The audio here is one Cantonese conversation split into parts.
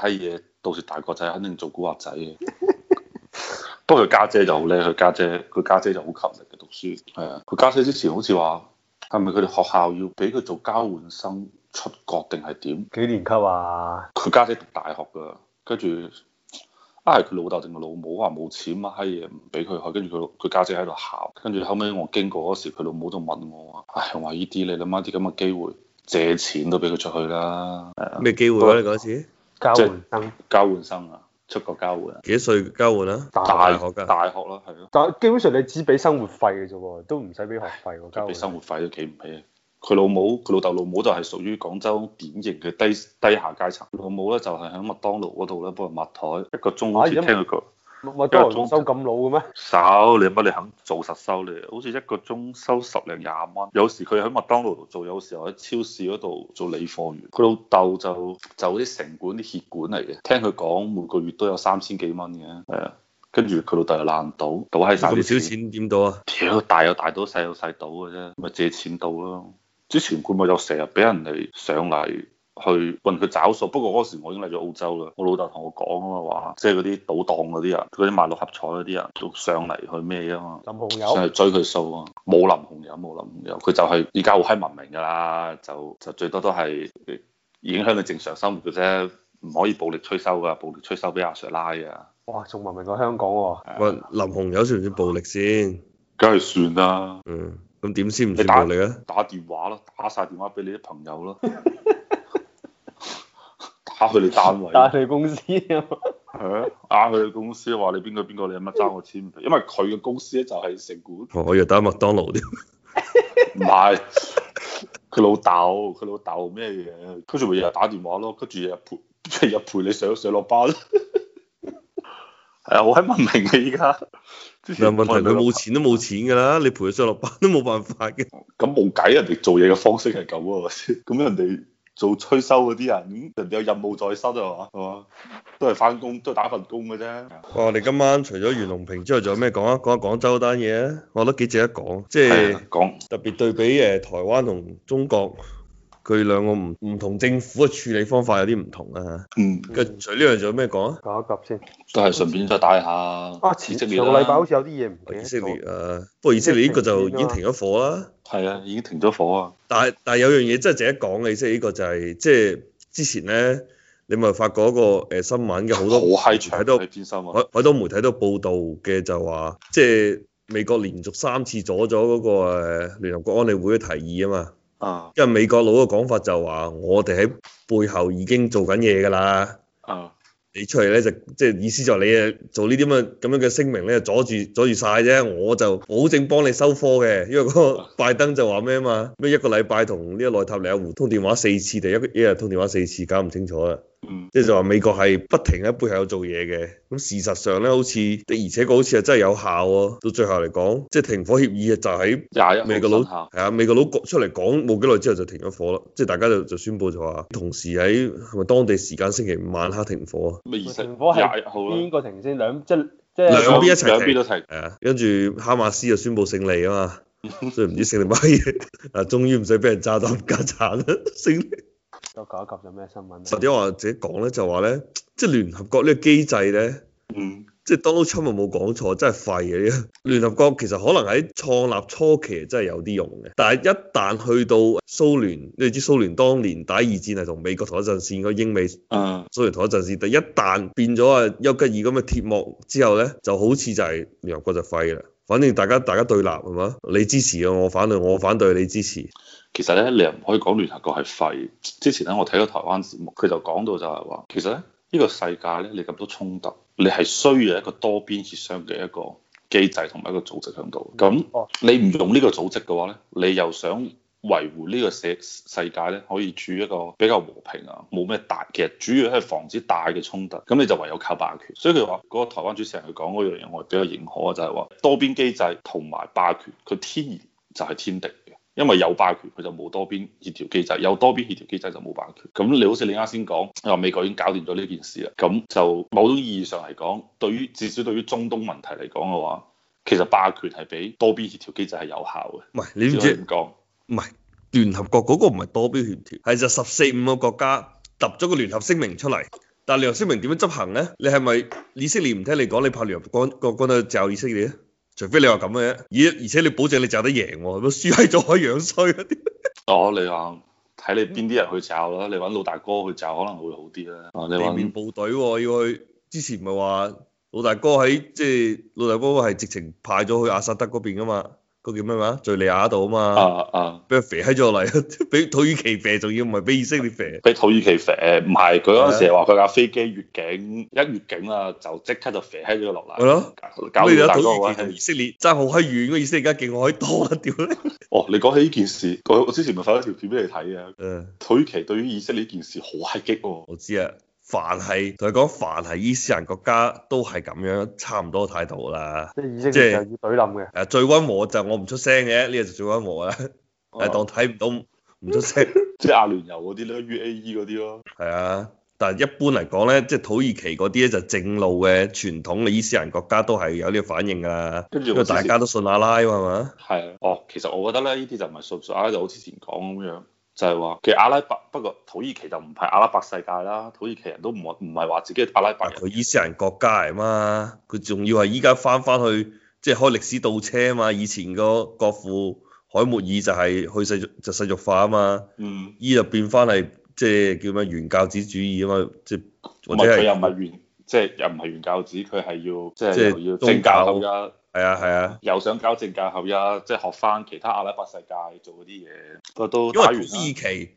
睇嘢，到時大個仔肯定做古惑仔嘅。 不過佢家姐就好叻，佢家姐，佢家姐就好勤力嘅讀書。係啊，佢家姐之前好似話係咪佢哋學校要俾佢做交換生出國定係點？幾年級啊？佢家姐讀大學㗎，跟住啊係佢老豆定佢老母話冇錢啊，閪嘢唔俾佢去。跟住佢，佢家姐喺度考。跟住後尾我經過嗰時，佢老母就問我唉，係話呢啲你諗返啲咁嘅機會，借錢都俾佢出去啦。咩機會你、啊、講是交換生，交換生啊，出國交換啊，幾多歲交換啊？大學噶，大學咯，係咯。但基本上你只俾生活費嘅啫喎，都唔使俾學費。交換生，生活費都企唔起啊！佢老母，佢老豆老母就係屬於廣州典型嘅低低下階層，老母咧就係喺麥當勞嗰度咧幫人抹台，一個鐘好似聽過。乜一個鐘收咁老嘅咩？收你乜？你肯做實收咧？你好似一個鐘收十零廿蚊。有時佢喺麥當勞做，有時喺超市嗰度做理貨員。佢老豆就就啲城管啲協管嚟嘅。聽佢講，每個月都有三千幾蚊嘅。係啊，跟住佢老豆又爛賭，賭喺曬啲錢。咁少錢點賭啊？屌大有大賭，細有細賭嘅啫。咪借錢賭咯。之前佢咪又成日俾人哋上嚟。去問佢找數，不過嗰時我已經嚟咗澳洲啦。我老豆同我講啊，話即係嗰啲賭檔嗰啲人，嗰啲賣六合彩嗰啲人，仲上嚟去咩啊嘛？淋紅油，上嚟追佢數啊！冇淋紅油，冇淋紅油，佢就係而家好閪文明噶啦，就就最多都係影響你正常生活嘅啫，唔可以暴力催收噶，暴力催收俾阿 Sir 拉噶。哇！仲文明過香港喎、啊。啊、喂，淋紅油算唔算暴力先？梗係算啦。嗯。咁點先唔算暴力啊？打電話咯，打晒電話俾你啲朋友咯。 呃，佢哋、啊、單位，吓，佢公司啊嘛，係啊，吓佢哋公司話你邊個邊個，你有乜爭我錢？因為佢嘅公司咧就係城管，我又打麥當勞添，唔係佢老豆，佢老豆咩嘢？跟住咪日日打電話咯，跟住日陪日陪你上上落班，係啊，我喺文明你依家。但係問題佢冇錢都冇錢噶啦，你陪佢上落班都冇辦法嘅，咁冇計，人哋做嘢嘅方式係咁啊，咁人哋。做催收嗰啲人，咁人哋有任務在身啊嘛，係嘛，都係翻工，都係打份工嘅啫。哦，你今晚除咗袁隆平之外講講，仲有咩講啊？講下廣州嗰單嘢啊，我覺得幾值得講，即係講特別對比誒，台灣同中國，佢兩個唔唔同政府嘅處理方法有啲唔同啊，嗯，咁除呢樣仲有咩講啊？講、嗯、一講先，都係順便再帶下啊！以色列個禮拜好似有啲嘢唔，以色列啊，不過以色列呢個就已經停咗火啦，啊，係啊，已經停咗火啊！但係但係有樣嘢真係值得一講嘅，以色列呢個就係即係之前咧，你咪發過一個誒新聞嘅好多，好閪睇到睇偏心，啊，好多媒體都報道嘅就話，即、就、係、是、美國連續三次阻咗嗰個誒聯合國安理會嘅提議啊嘛。啊，因為美國佬嘅講法就話，我哋喺背後已經做緊嘢㗎啦。啊，你出嚟咧就即係意思就你啊做呢啲咁嘅聲明咧，阻住阻住晒啫。我就保證幫你收科嘅，因為個拜登就話咩啊嘛，咩一個禮拜同呢個內塔尼亞胡通電話四次，第一一日通電話四次，搞唔清楚啊！即係就話美國係不停喺背後做嘢嘅，咁事實上咧好似，而且個好似係真係有效喎。到最後嚟講，即係停火協議就喺廿一，美國佬係啊，美國佬出嚟講冇幾耐之後就停咗火啦，即係大家就就宣布就話，同時喺係咪當地時間星期五晚黑停火啊？咪廿一號邊個停先？兩即係即係兩邊一齊，兩邊都停。係啊，跟住哈馬斯就宣布勝利啊嘛， 所以唔知勝利乜嘢，啊終於唔使俾人炸彈夾殘啦，勝利。解解，我搞一集，有咩新聞咧？或者或者講咧，就話咧，即係聯合國個機呢個機制咧，嗯，即係 Donald Trump 咪冇講錯，真係廢嘅。聯、這個、合國其實可能喺創立初期真係有啲用嘅，但係一旦去到蘇聯，你知蘇聯當年打二戰係同美國同一陣線，個英美，啊、嗯，蘇聯同一陣線，但係一旦變咗啊丘吉爾咁嘅鐵幕之後咧，就好似就係聯合國就廢啦。反正大家大家對立係嘛？你支持嘅我反對，我反對你支持。其實咧，你又唔可以講聯合國係廢。之前咧，我睇過台灣節目，佢就講到就係話，其實咧呢個世界咧，你咁多衝突，你係需要一個多邊協商嘅一個機制同埋一個組織喺度。咁你唔用呢個組織嘅話咧，你又想，維護呢個世世界咧，可以住一個比較和平啊，冇咩大嘅。主要係防止大嘅衝突，咁你就唯有靠霸權。所以佢話嗰個台灣主持人佢講嗰樣嘢，我係比較認可嘅，就係話多邊機制同埋霸權，佢天然就係天敵嘅，因為有霸權佢就冇多邊協調機制，有多邊協調機制就冇霸權。咁你好似你啱先講，你話美國已經搞掂咗呢件事啦，咁就某種意義上嚟講，對於至少對於中東問題嚟講嘅話，其實霸權係比多邊協調機制係有效嘅。唔係你點講？唔係聯合國嗰個唔係多邊協調，係就十四五個國家揼咗個聯合聲明出嚟。但聯合聲明點樣執行咧？你係咪以色列唔聽你講，你派聯合國國軍去罩以色列咧？除非你話咁嘅嘢，而而且你保證你罩得贏，咁輸喺咗可以樣衰嗰啲。哦，你話睇你邊啲人去罩啦？你揾老大哥去罩可能會好啲啦。你地面部隊、哦、要去之前唔係話老大哥喺即係老大哥係直情派咗去阿薩德嗰邊噶嘛？個叫咩話？敘利亞度啊嘛，啊啊、uh, uh, uh,，俾佢飛喺咗落嚟，俾土耳其飛仲要唔係俾以色列飛！俾土耳其飛！唔係佢嗰陣時話佢架飛機越境，的一越境啦，就即刻就飛喺咗落嚟。係咯的，搞完土耳其同以色列的，真係好閪遠嘅意思，而家勁好多啦，屌！ 哦，你講起呢件事，我我之前咪發咗條片俾你睇嘅，嗯的，土耳其對於以色列呢件事好閪激、哦，我知啊。凡係同佢講，凡係伊斯蘭國家都係咁樣，差唔多個態度啦。即係要懟冧嘅。誒、就是，最溫和就是、我唔出聲嘅，呢、這、樣、個、就最溫和啦。誒，啊、 當睇唔到，唔出聲。即係 阿聯酋嗰啲咯，UAE 嗰啲咯。係、e、啊，但係一般嚟講咧，即、就、係、是、土耳其嗰啲咧就正路嘅傳統嘅伊斯蘭國家都係有呢個反應噶啦。跟住因為大家都信阿拉喎，係嘛？係啊。哦，其實我覺得咧，呢啲就唔係信，信阿拉就好似前講咁樣。就係話，其實阿拉伯，不過土耳其就唔係阿拉伯世界啦，土耳其人都唔唔係話自己係阿拉伯人，佢伊斯蘭國家嚟嘛，佢仲要係依家翻翻去，即係開歷史倒車啊嘛，以前個國父凱末爾就係、是、去世俗就世俗化啊嘛，嗯，依就變翻係即係叫咩原教旨主義啊嘛，即係、嗯、或者佢又唔係原，即係又唔係原教旨，佢係要即係宗教。係啊係啊，啊又想搞政教合一，即、就、係、是、學翻其他阿拉伯世界做嗰啲嘢，不過都因為土耳其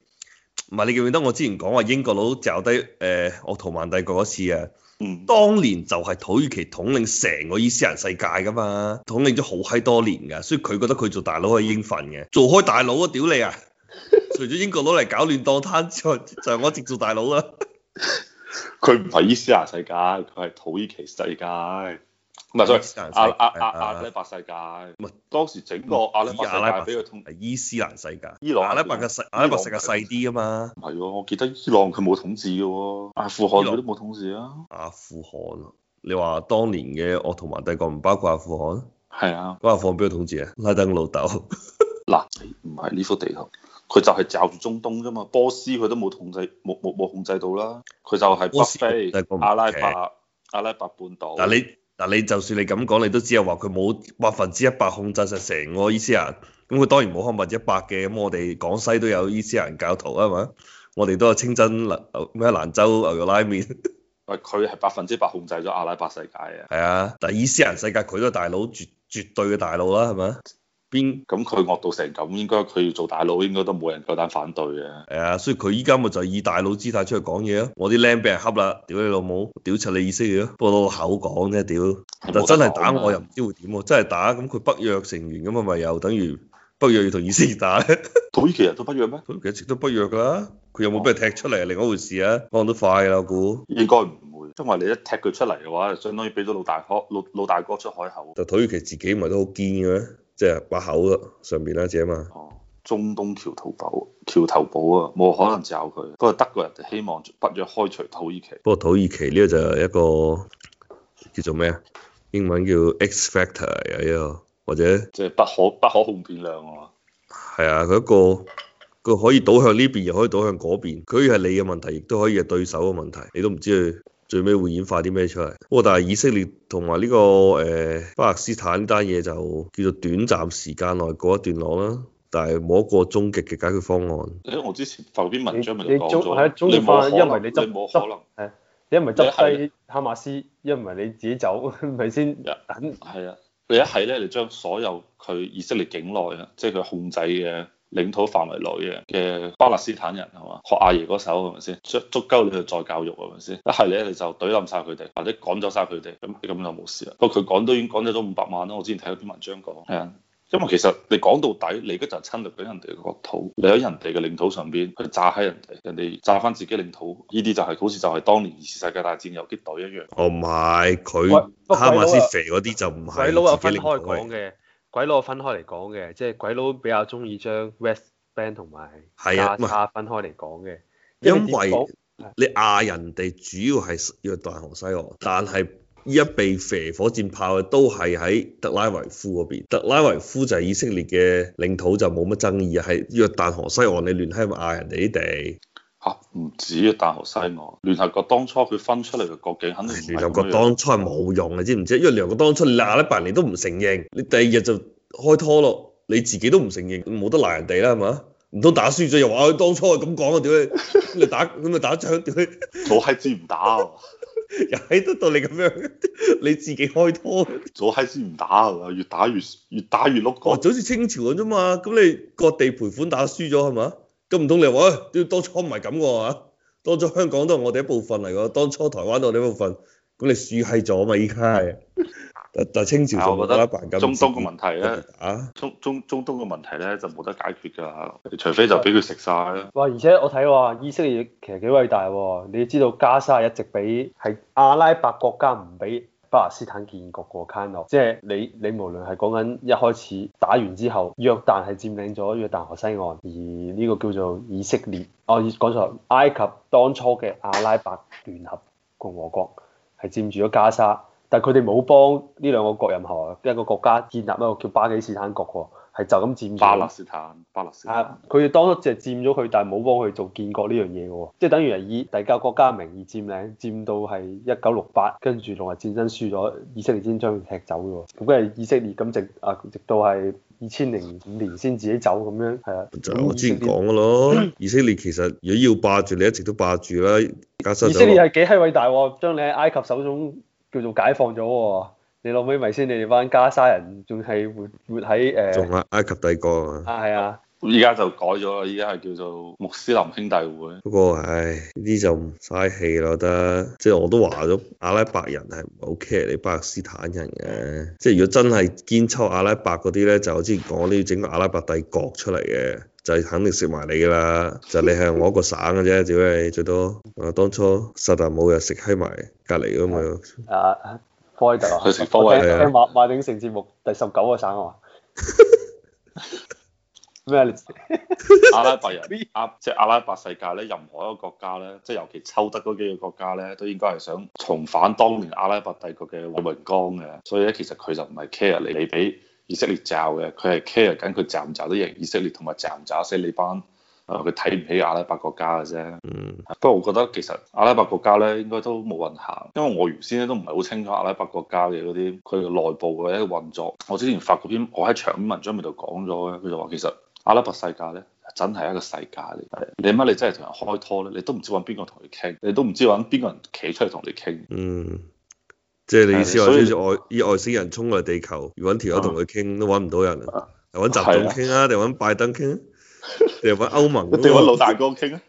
唔係 你記唔記得我之前講話英國佬執低誒，鄂圖曼帝國一次啊，嗯、當年就係土耳其統領成個伊斯蘭世界噶嘛，統領咗好閪多年噶，所以佢覺得佢做大佬可以應份嘅，做開大佬啊屌你啊， 除咗英國佬嚟搞亂當攤之外，就係我一直做大佬啦。佢唔係伊斯蘭世界，佢係土耳其世界。唔係，所以亞阿拉伯世界。唔係當時整個阿拉伯世界俾佢統。係伊斯蘭世界。伊朗阿拉伯嘅細阿拉伯世界細啲啊嘛。唔係，我記得伊朗佢冇統治嘅喎。阿富汗佢都冇統治啊。阿富汗，你話當年嘅我同埋帝國唔包括阿富汗。係啊。阿富汗邊個統治啊？拉登老豆。嗱，唔係呢幅地圖，佢就係罩住中東啫嘛。波斯佢都冇統治，冇冇冇控制到啦。佢就係北非、阿拉伯、阿拉伯半島。嗱，你。嗱，你就算你咁講，你都只係話佢冇百分之一百控制曬成個伊斯蘭，咁佢當然冇控制一百嘅。咁我哋廣西都有伊斯蘭教徒啊嘛，我哋都有清真蘭咩蘭州牛肉拉麵。啊，佢係百分之百控制咗阿拉伯世界啊！係啊，但係伊斯蘭世界佢都係大佬，絕絕對嘅大佬啦，係咪？邊咁佢惡到成咁，應該佢做大佬應該都冇人夠膽反對嘅。係啊，所以佢依家咪就以大佬姿態出去講嘢咯。我啲僆俾人恰啦，屌你老母，屌柒你意思嘅咯。不過口講啫，屌。就真係打我，啊、我又唔知會點喎，真係打咁佢北約成員咁啊，咪、就是、又等於北約要同以色列打咧。 土耳其人都北約咩？土耳其一直都北約噶啦，佢有冇俾人踢出嚟係、哦、另一回事啊？我估都快啦。應該唔會，因為你一踢佢出嚟嘅話，相當於俾咗老大哥老老大哥出海口。就土耳其自己咪都好堅嘅。即係把口啊，上面啦、啊，只啊嘛。中東橋頭堡，橋頭堡啊，冇可能就佢。不過德國人就希望北約開除土耳其。不過土耳其呢個就係一個叫做咩啊？英文叫 X factor 啊呢個，或者即係不可不可控變量啊嘛。係啊，佢一個佢可以倒向呢邊，又可以倒向嗰邊。佢係你嘅問題，亦都可以係對手嘅問題，你都唔知佢。最尾會演化啲咩出嚟？不、哦、過但係以色列同埋呢個誒、呃、巴勒斯坦呢單嘢就叫做短暫時間內過一段落啦，但係冇一個終極嘅解決方案。我之前發嗰篇文章咪講咗。係翻，因為你執執，你冇可能。誒、啊，你一唔係執低哈馬斯，是一唔係你自己走，咪先的？係啊等，你一係咧，你將所有佢以色列境內啊，即係佢控制嘅。領土範圍內嘅嘅巴勒斯坦人係嘛？學阿爺嗰手係咪先？足足夠你去再教育係咪先？一係咧你就懟冧晒佢哋，或者趕走晒佢哋，咁咁就冇事啦。不過佢講都已經趕走咗五百萬啦。我之前睇咗篇文章講。係啊，因為其實你講到底，你而家就侵略緊人哋嘅國土，你喺人哋嘅領土上邊，佢炸喺人哋，人哋炸翻自己領土，呢啲就係好似就係當年二次世界大戰遊擊隊一樣。哦唔係，佢哈馬斯肥嗰啲就唔係自己領土嘅。鬼佬分開嚟講嘅，即係鬼佬比較中意將 West Bank 同埋加沙分開嚟講嘅。啊、因為你亞人哋主要係約旦河西岸，的但係依一被肥火箭炮嘅都係喺特拉維夫嗰邊。特拉維夫就係以色列嘅領土，就冇乜爭議啊。係約旦河西岸，你亂喺度亞人哋啲地。吓唔止啊！大學西岸。聯合國當初佢分出嚟嘅國境，肯定聯合國當初係冇用嘅，你知唔知？因為聯合國當初你鬧得年都唔承認，你第二日就開拖咯，你自己都唔承認，冇得鬧人哋啦，係嘛？唔通打輸咗又話佢當初咁講 啊？點解你打咁咪打仗？點解早閪子唔打？又喺得到你咁樣，你自己開拖。早閪子唔打係、啊、嘛？越打越越打越碌歌、啊。就好似清朝咁啫嘛，咁你各地賠款打輸咗係嘛？都唔通你話，啲當初唔係咁嘅吓，當初香港都係我哋一部分嚟嘅，當初台灣都我哋一部分，咁你輸係咗嘛？依家係，但清就清朝，就覺得啦，中東嘅問題咧，啊，中中中東嘅問題咧就冇得解決㗎，除非就俾佢食晒！咯、啊。哇！而且我睇話，以色列其實幾偉大喎、啊，你知道加沙一直俾係阿拉伯國家唔俾。巴勒斯坦建國個坎哦，ano, 即係你你無論係講緊一開始打完之後，約旦係佔領咗約旦河西岸，而呢個叫做以色列哦，講錯，埃及當初嘅阿拉伯聯合共和國係佔住咗加沙，但係佢哋冇幫呢兩個國任何一個國家建立一個叫巴基斯坦國喎。係就咁佔巴勒斯坦，巴勒斯坦佢哋當初只係佔咗佢，但係冇幫佢做建國呢樣嘢嘅喎，即係等於係以第家國家名義佔領，佔到係一九六八，跟住仲係戰爭輸咗，以色列先將佢踢走嘅喎。咁梗係以色列咁直啊，直到係二千零五年先自己走咁樣，係啊。就係我之前講嘅咯，嗯、以色列其實如果要霸住，你一直都霸住啦。以色列係幾閪偉大喎，將你喺埃及手中叫做解放咗喎。你老尾咪先，你哋班加沙人仲係活活喺誒？仲係埃及帝國啊！係啊！依家、啊、就改咗啦，依家係叫做穆斯林兄弟會。不過唉，呢啲就唔嘥氣咯，得。即、就、係、是、我都話咗，阿拉伯人係唔好 care 你巴勒斯坦人嘅。即、就、係、是、如果真係堅抽阿拉伯嗰啲咧，就好似之前講嗰啲整個阿拉伯帝國出嚟嘅，就係肯定食埋你噶啦。就你係我一個省嘅啫，只係最多在在啊。當初薩達姆又食喺埋隔籬咁啊！科威特啊，佢成科馬馬鼎盛節目第 麼、啊，第十九個省係嘛？咩？阿拉伯人啱，即係阿拉伯世界咧，任何一個國家咧，即係尤其抽得嗰幾個國家咧，都應該係想重返當年阿拉伯帝國嘅榮光嘅。所以咧，其實佢就唔係 care 你俾以色列炸嘅，佢係 care 緊佢炸唔炸都贏以色列，同埋炸唔炸死你班。啊！佢睇唔起阿拉伯國家嘅啫。嗯。不過我覺得其實阿拉伯國家咧應該都冇運行，因為我原先咧都唔係好清楚阿拉伯國家嘅嗰啲佢內部嘅一個運作。我之前發過篇我喺長篇文章嗰度講咗嘅，佢就話其實阿拉伯世界咧真係一個世界嚟。係。你乜你真係同人開拖咧？你都唔知揾邊個同佢傾，你都唔知揾邊個人企出嚟同你傾。嗯。即係你意思話啲外啲以外，外星人衝嚟地球，要揾條友同佢傾都揾唔到人啊！揾、嗯、習總傾啊，定揾、嗯、拜登傾？你又翻歐盟、那個，掉翻老大哥傾啊，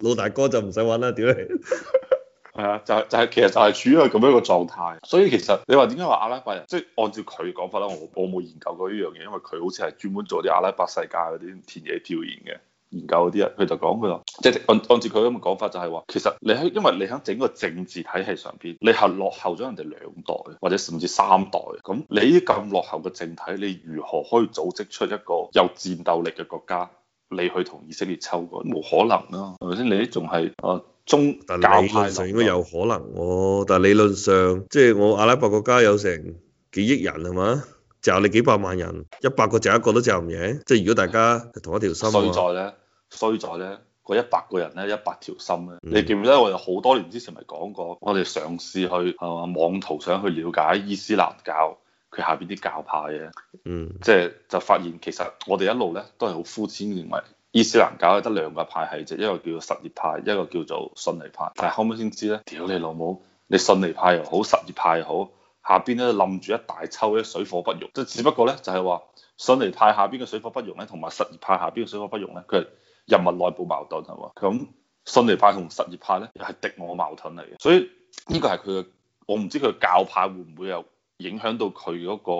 老大哥就唔使玩啦，屌你，係 啊，就係、是、就係、是、其實就係處於咁樣嘅狀態。所以其實你話點解話阿拉伯人，即、就、係、是、按照佢嘅講法啦，我我冇研究過呢樣嘢，因為佢好似係專門做啲阿拉伯世界嗰啲田野調查嘅研究嗰啲人佢就講佢話，即係、就是、按按照佢咁嘅講法就，就係話其實你喺因為你喺整個政治體系上邊，你係落後咗人哋兩代或者甚至三代。咁你啲咁落後嘅政體，你如何可以組織出一個有戰鬥力嘅國家？你去同以色列抽過，冇可能咯、啊，係咪先？你仲係啊中教派上應該有可能、啊、但係理論上，即係我阿拉伯國家有成幾億人係嘛，就你幾百萬人，一百個就一個都就唔贏，即係如果大家同一條心、啊。衰在咧，衰在咧，嗰一百個人咧，一百條心咧，你記唔記得我哋好多年之前咪講過我嘗試，我哋嘗試去係嘛網圖上去了解伊斯蘭教。佢下邊啲教派嘅，嗯，即係就，就發現其實我哋一路咧都係好膚淺，認為伊斯蘭教得兩個派系啫，一個叫做什葉派，一個叫做遜尼派。但係後尾先知咧，屌你老母，你遜尼派又好，什葉派又好，下邊咧冧住一大抽嘅水火不容。即係只不過咧，就係話遜尼派下邊嘅水火不容咧，同埋什葉派下邊嘅水火不容咧，佢係人民內部矛盾係嘛？咁遜尼派同什葉派咧又係敵我矛盾嚟嘅。所以呢個係佢嘅，我唔知佢教派會唔會有。影響到佢嗰個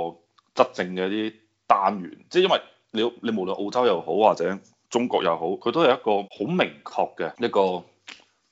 執政嘅啲單元，即係因為你你，無論澳洲又好，或者中國又好，佢都有一個好明確嘅一個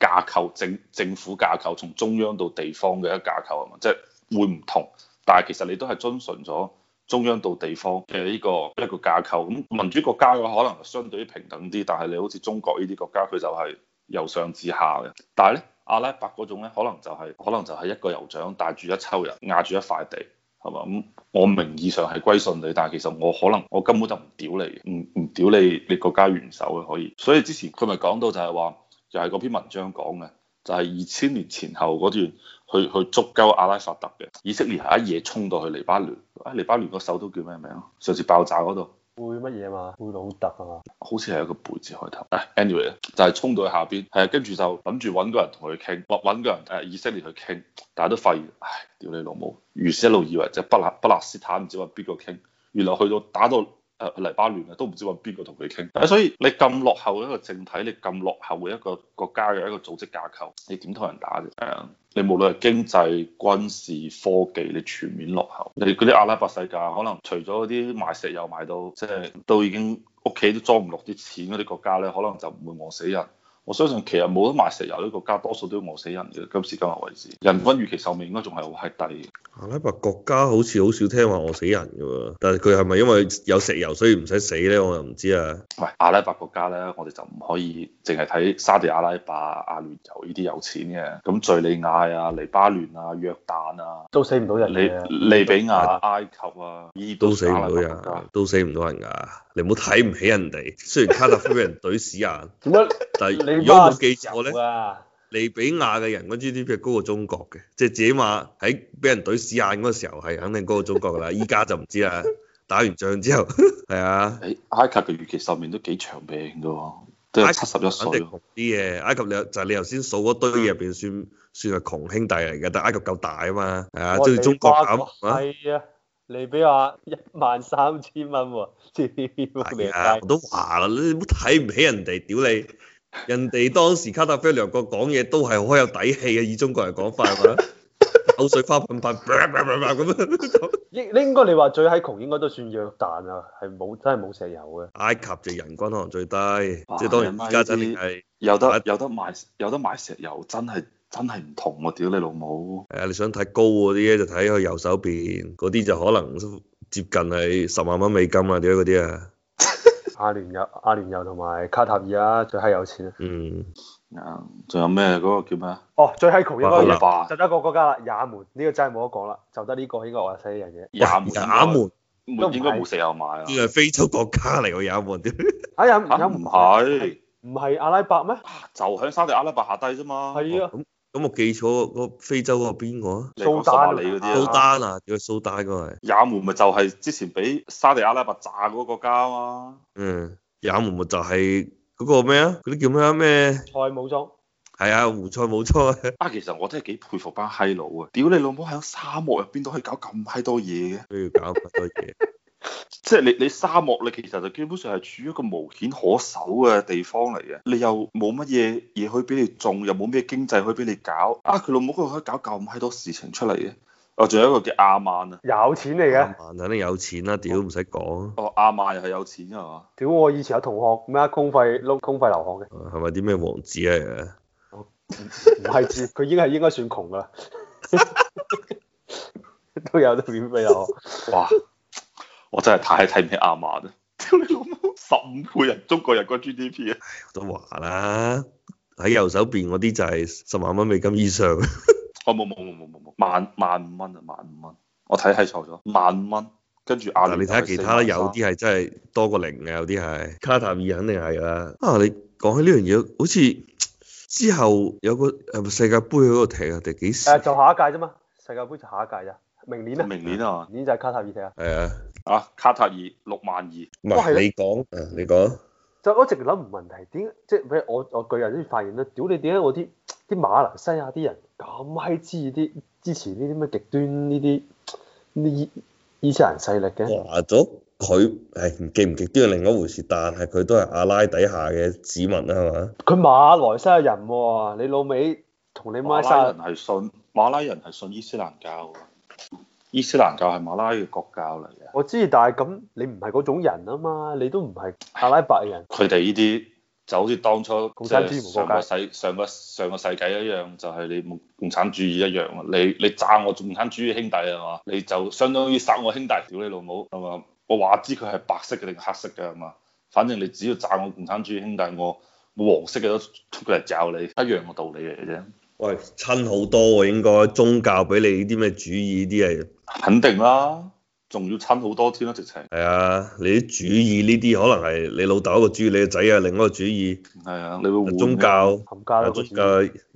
架構，政政府架構從中央到地方嘅一個架構係咪？即係會唔同，但係其實你都係遵循咗中央到地方嘅呢個一個架構。咁民主國家嘅可能相對於平等啲，但係你好似中國呢啲國家，佢就係。由上至下嘅，但係咧，阿拉伯嗰種咧，可能就係、是、可能就係一個酋長帶住一抽人壓住一塊地，係嘛？咁我名義上係歸順你，但係其實我可能我根本就唔屌你，唔唔屌你你國家元首嘅，可以。所以之前佢咪講到就係話，又係嗰篇文章講嘅，就係二千年前後嗰段去去捉鳩阿拉法特嘅以色列，一夜衝到去黎巴嫩，啊、哎、黎巴嫩個首都叫咩名啊？上次爆炸嗰度。背乜嘢嘛？背老特啊嘛？好似係一個背字開頭。哎，anyway 就係衝到去下邊，係啊，跟住就諗住揾個人同佢傾，或揾個人誒以色列去傾，但係都發現，唉，屌你老母，原是一路以為即巴勒巴巴勒斯坦，唔知話邊個傾，原來去到打到。黎巴嫩啊，都唔知揾邊個同佢傾。誒所以你咁落後嘅一個政體，你咁落後嘅一個國家嘅一個組織架構，你點同人打啫？係啊，你無論係經濟、軍事、科技，你全面落後。你嗰啲阿拉伯世界，可能除咗嗰啲賣石油賣到即係、就是、都已經屋企都裝唔落啲錢嗰啲國家咧，可能就唔會餓死人。我相信其實冇得賣石油呢個國家多數都要餓死人嘅，今時今日為止，人均預期壽命應該仲係好係低。阿拉伯國家好似好少聽講餓死人嘅喎，但係佢係咪因為有石油所以唔使死咧？我又唔知啊。喂阿拉伯國家咧，我哋就唔可以淨係睇沙地阿拉伯、阿聯酋呢啲有錢嘅。咁敍利亞啊、黎巴嫩啊、約旦啊，都死唔到人嘅。利比亞、啊、埃及啊，都死唔到人，人，都死唔到人㗎。你唔好睇唔起人哋， 雖然卡達菲俾人懟屎眼， 但係 如果冇記錯咧，啊、利比亞嘅人嗰 GDP 係高過中國嘅，即、就、係、是、自起碼喺俾人懟屎眼嗰時候係肯定高過中國噶啦，而家 就唔知啦。打完仗之後，係 啊。埃及嘅預期壽命都幾長命嘅喎，有埃及有七十一歲肯定好啲嘅。埃及你就係、是、你頭先數嗰堆入邊算、嗯、算係窮兄弟嚟嘅，但係埃及夠大啊嘛。係啊，即係中國咁。係啊，利比亞一萬三千蚊、啊，係、啊啊、我都話啦，你睇唔起人哋，屌你！人哋當時卡達菲兩個講嘢都係好有底氣嘅， 以中國人講法係咪，口水花噴噴，咁樣。應應該你話最喺窮，應該都算約旦啊，係冇真係冇石油嘅。埃及就人均可能最低，啊、即係當然家真係有得有得賣有得賣石油，真係真係唔同喎、啊！屌你老母！誒、啊，你想睇高嗰啲咧，就睇佢右手邊嗰啲就可能接近係十萬蚊美金啊！屌嗰啲啊～ 阿聯酋、阿聯酋同埋卡塔爾啊，最閪有錢啊！嗯，啊，仲有咩？嗰個叫咩？哦，最閪窮應該係，就得一個國家啦，也門。呢、呢個真係冇得講啦，就得呢個應該話係呢樣嘢。也門，門，哇門也門都應該冇石油買啊。呢個係非洲國家嚟個也門。點解？哎呀，唔係，唔係阿拉伯咩，啊？就響沙特阿拉伯下低啫嘛。係啊。咁我記錯嗰、那個非洲嗰個邊個啊？蘇丹嚟嗰啲啊？蘇丹啊？叫蘇丹個嚟？也門咪就係之前俾沙地阿拉伯炸嗰個國家啊？嗯，也門咪就係嗰個咩啊？嗰、那、啲、個、叫咩咩？塞武裝。係啊，胡塞武裝。啊，其實我真係幾佩服班閪佬啊！屌 你老母，喺沙漠入邊都可以搞咁閪多嘢嘅。都要搞咁多嘢。即係你，你沙漠你其實就基本上係處於一個無險可守嘅地方嚟嘅，你又冇乜嘢嘢可以俾你種，又冇咩經濟可以俾你搞。啊，佢老母居然可以搞咁閪多事情出嚟嘅，哦、啊，仲有一個叫阿曼啊，有錢嚟嘅、啊噢，阿曼肯定有錢啦、啊，屌都唔使講。哦，阿曼又係有錢係嘛？屌，我以前有同學咩公費撈公費留學嘅，係咪啲咩王子嚟、啊、嘅？唔係字，佢 應係應該算窮啦， 都有得免費我，哇！ 真係太睇唔起亞馬啦！屌你老母，十五倍人中國人個 G D P 啊！都話啦，喺右手邊嗰啲就係十萬蚊美金以上。我冇冇冇冇冇冇，萬萬五蚊啊！萬五蚊，我睇係錯咗。萬五蚊，跟住亞 4, 看看。嗱，你睇下其他有啲係真係多過零嘅，有啲係。卡塔爾肯定係啦。啊，你講起呢樣嘢，好似之後有個係咪世界盃喺度踢啊？定幾時？誒，就下一屆啫嘛，世界盃就下一屆啊！明年啊。明年啊。明年就係卡塔爾踢啊。係啊。啊，卡塔爾六萬二，唔係你講，嗯，你講，你就我一直諗唔問，問題，點即係我我最近先發現啦，屌你點解我啲啲馬來西亞啲人咁閪支持啲支持呢啲咩極端呢啲呢伊斯蘭勢力嘅？話咗佢係唔極唔極端係另一回事，但係佢都係阿拉底下嘅子民啦，係嘛？佢馬來西亞人，哦，你老味，同你馬來西亞人係信馬來人係信，信伊斯蘭教。伊斯蘭教係馬拉越國教嚟嘅，我知，但係咁你唔係嗰種人啊嘛，你都唔係阿拉伯人。佢哋呢啲就好似當初即係上,上個世、上個上個世紀一樣，就係、是、你共共產主義一樣啊！你你炸我共產主義兄弟啊嘛，你就相當於殺我兄弟，屌你老母係嘛！我話知佢係白色嘅定黑色嘅係嘛？反正你只要炸我共產主義兄弟，我黃色嘅都出佢嚟炸你，一樣嘅道理嚟嘅啫。喂，親好多喎，應該宗教俾你啲咩主義啲係肯定啦，仲要親好多添啦、啊，直情係啊！你啲主義呢啲可能係你老豆一個主義，你個仔啊另一個主義，係啊，你會宗教宗教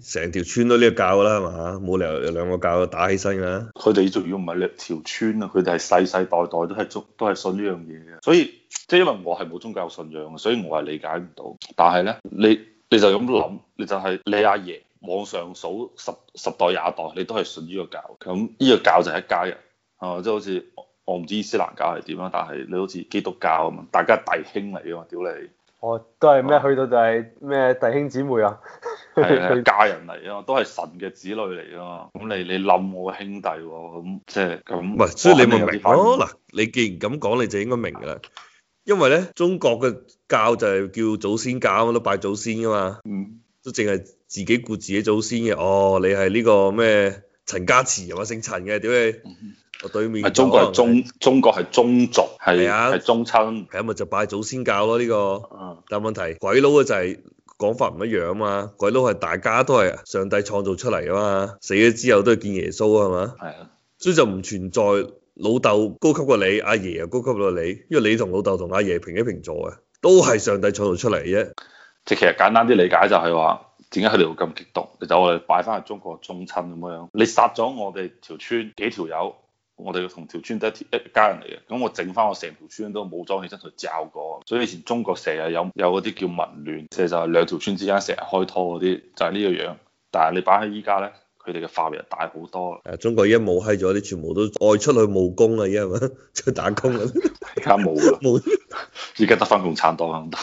成條村都呢個教啦，係嘛？冇理由兩個教打起身㗎。佢哋仲要果唔係你條村啊，佢哋係世世代代都係都係信呢樣嘢嘅，所以即係因為我係冇宗教信仰嘅，所以我係理解唔到。但係咧，你你就咁諗，你就係你阿、就是、爺，爺，爺。往上數十代十代廿代，你都係信呢個教，咁呢個教就係一家人，係即係好似我唔知伊斯蘭教係點樣，但係你好似基督教咁啊，大家弟兄嚟嘅嘛，屌你！哦，都係咩？啊、去到就係咩？弟兄姊妹啊，係 啊，家人嚟啊，都係神嘅子女嚟啊嘛。咁你你冧我兄弟喎，咁、啊、即係咁。唔不不所以你咪明咯嗱。你既然咁講，你就應該明嘅啦。因為咧，中國嘅教就係叫祖先教，我都拜祖先嘅嘛。嗯，都淨係。自己顧自己祖先嘅，哦，你係呢個咩陳家祠又話，姓陳嘅點解，嗯、我對面係中國中中國係宗族係係啊係宗親係咪就是、拜祖先教咯，呢、這個，但係問題鬼佬嘅就係講法唔一樣啊嘛，鬼佬係大家都係上帝創造出嚟啊嘛，死咗之後都係見耶穌，係嘛，係啊，所以就唔存在老豆高級過你，阿爺又高級過你，因為你同老豆同阿爺平起平坐啊，都係上帝創造出嚟嘅啫。即係其實簡單啲理解就係話。點解佢哋會咁激動？你走我哋擺翻係中國中親咁樣，你殺咗我哋條村幾條友，我哋同條村都一家人嚟嘅，咁我整翻我成條村都冇裝起身嚟罩過，所以以前中國成日有有嗰啲叫民亂，就係、其實、兩條村之間成日開拖嗰啲，就係、是、呢個樣。但係你擺喺依家咧，佢哋嘅範圍大好多啦。誒，中國已經冇閪咗，啲全部都外出去務工啦，而家咪出去打工，而家冇啦，依家得翻共產黨響度。